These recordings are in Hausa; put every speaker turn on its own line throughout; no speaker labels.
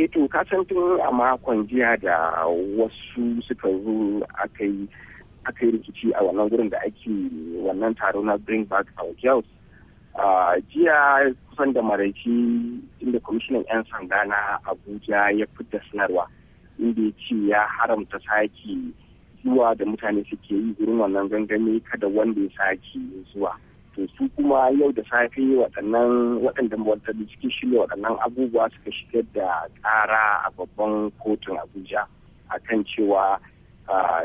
eh to kasan tun a makon jiya da wasu suka zo aka yi rikici a wannan gurin da ake wannan taro na bring back our girls jiya kusan da maraici inda kwamishinan 'yan sanda na abuja ya fita sanarwa inda ya ce ya haramta saki zuwa da mutane suke yi gurin wannan gangami kada wanda ya sake zuwa to su kuma yau da safe waɗannan waɗanda da suke shirya waɗannan abubuwa suka shigar da ƙara a babban kotun abuja akan cewa ta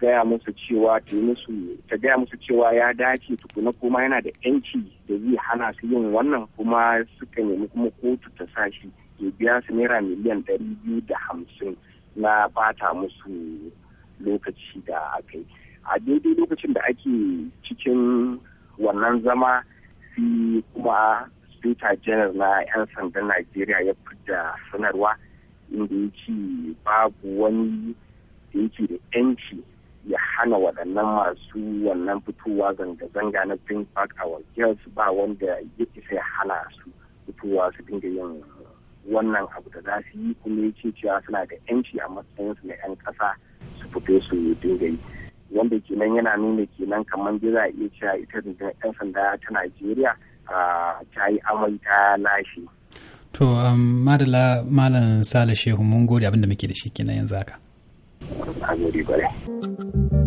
gaya musu cewa ta musu ta gaya musu cewa ya dace tukuna kuma yana da yanci da zai hana su yin wannan kuma suka nemi kuma kotu ta sa shi ya biya su naira miliyan ɗari biyu da hamsin na bata musu lokaci da aka a daidai lokacin da ake cikin wannan zama si kuma speaker general na 'yan sandan najeriya ya fita sanarwa inda ya ce babu wani da yake da 'yanci ya hana waɗannan masu wannan fitowa zanga-zanga na bring back our girls ba wanda ya isa ya hana su fitowa su dinga yin wannan abu da za su yi kuma ya ce cewa suna da 'yanci a matsayinsu na 'yan ƙasa su fito su dinga yi wanda kenan yana nuna kenan kamar da za a iya cewa ita da 'yan sanda ta najeriya ta yi amai ta lashe to um, madala malam sale shehu mun gode abinda muke da shi kenan yanzu haka a gode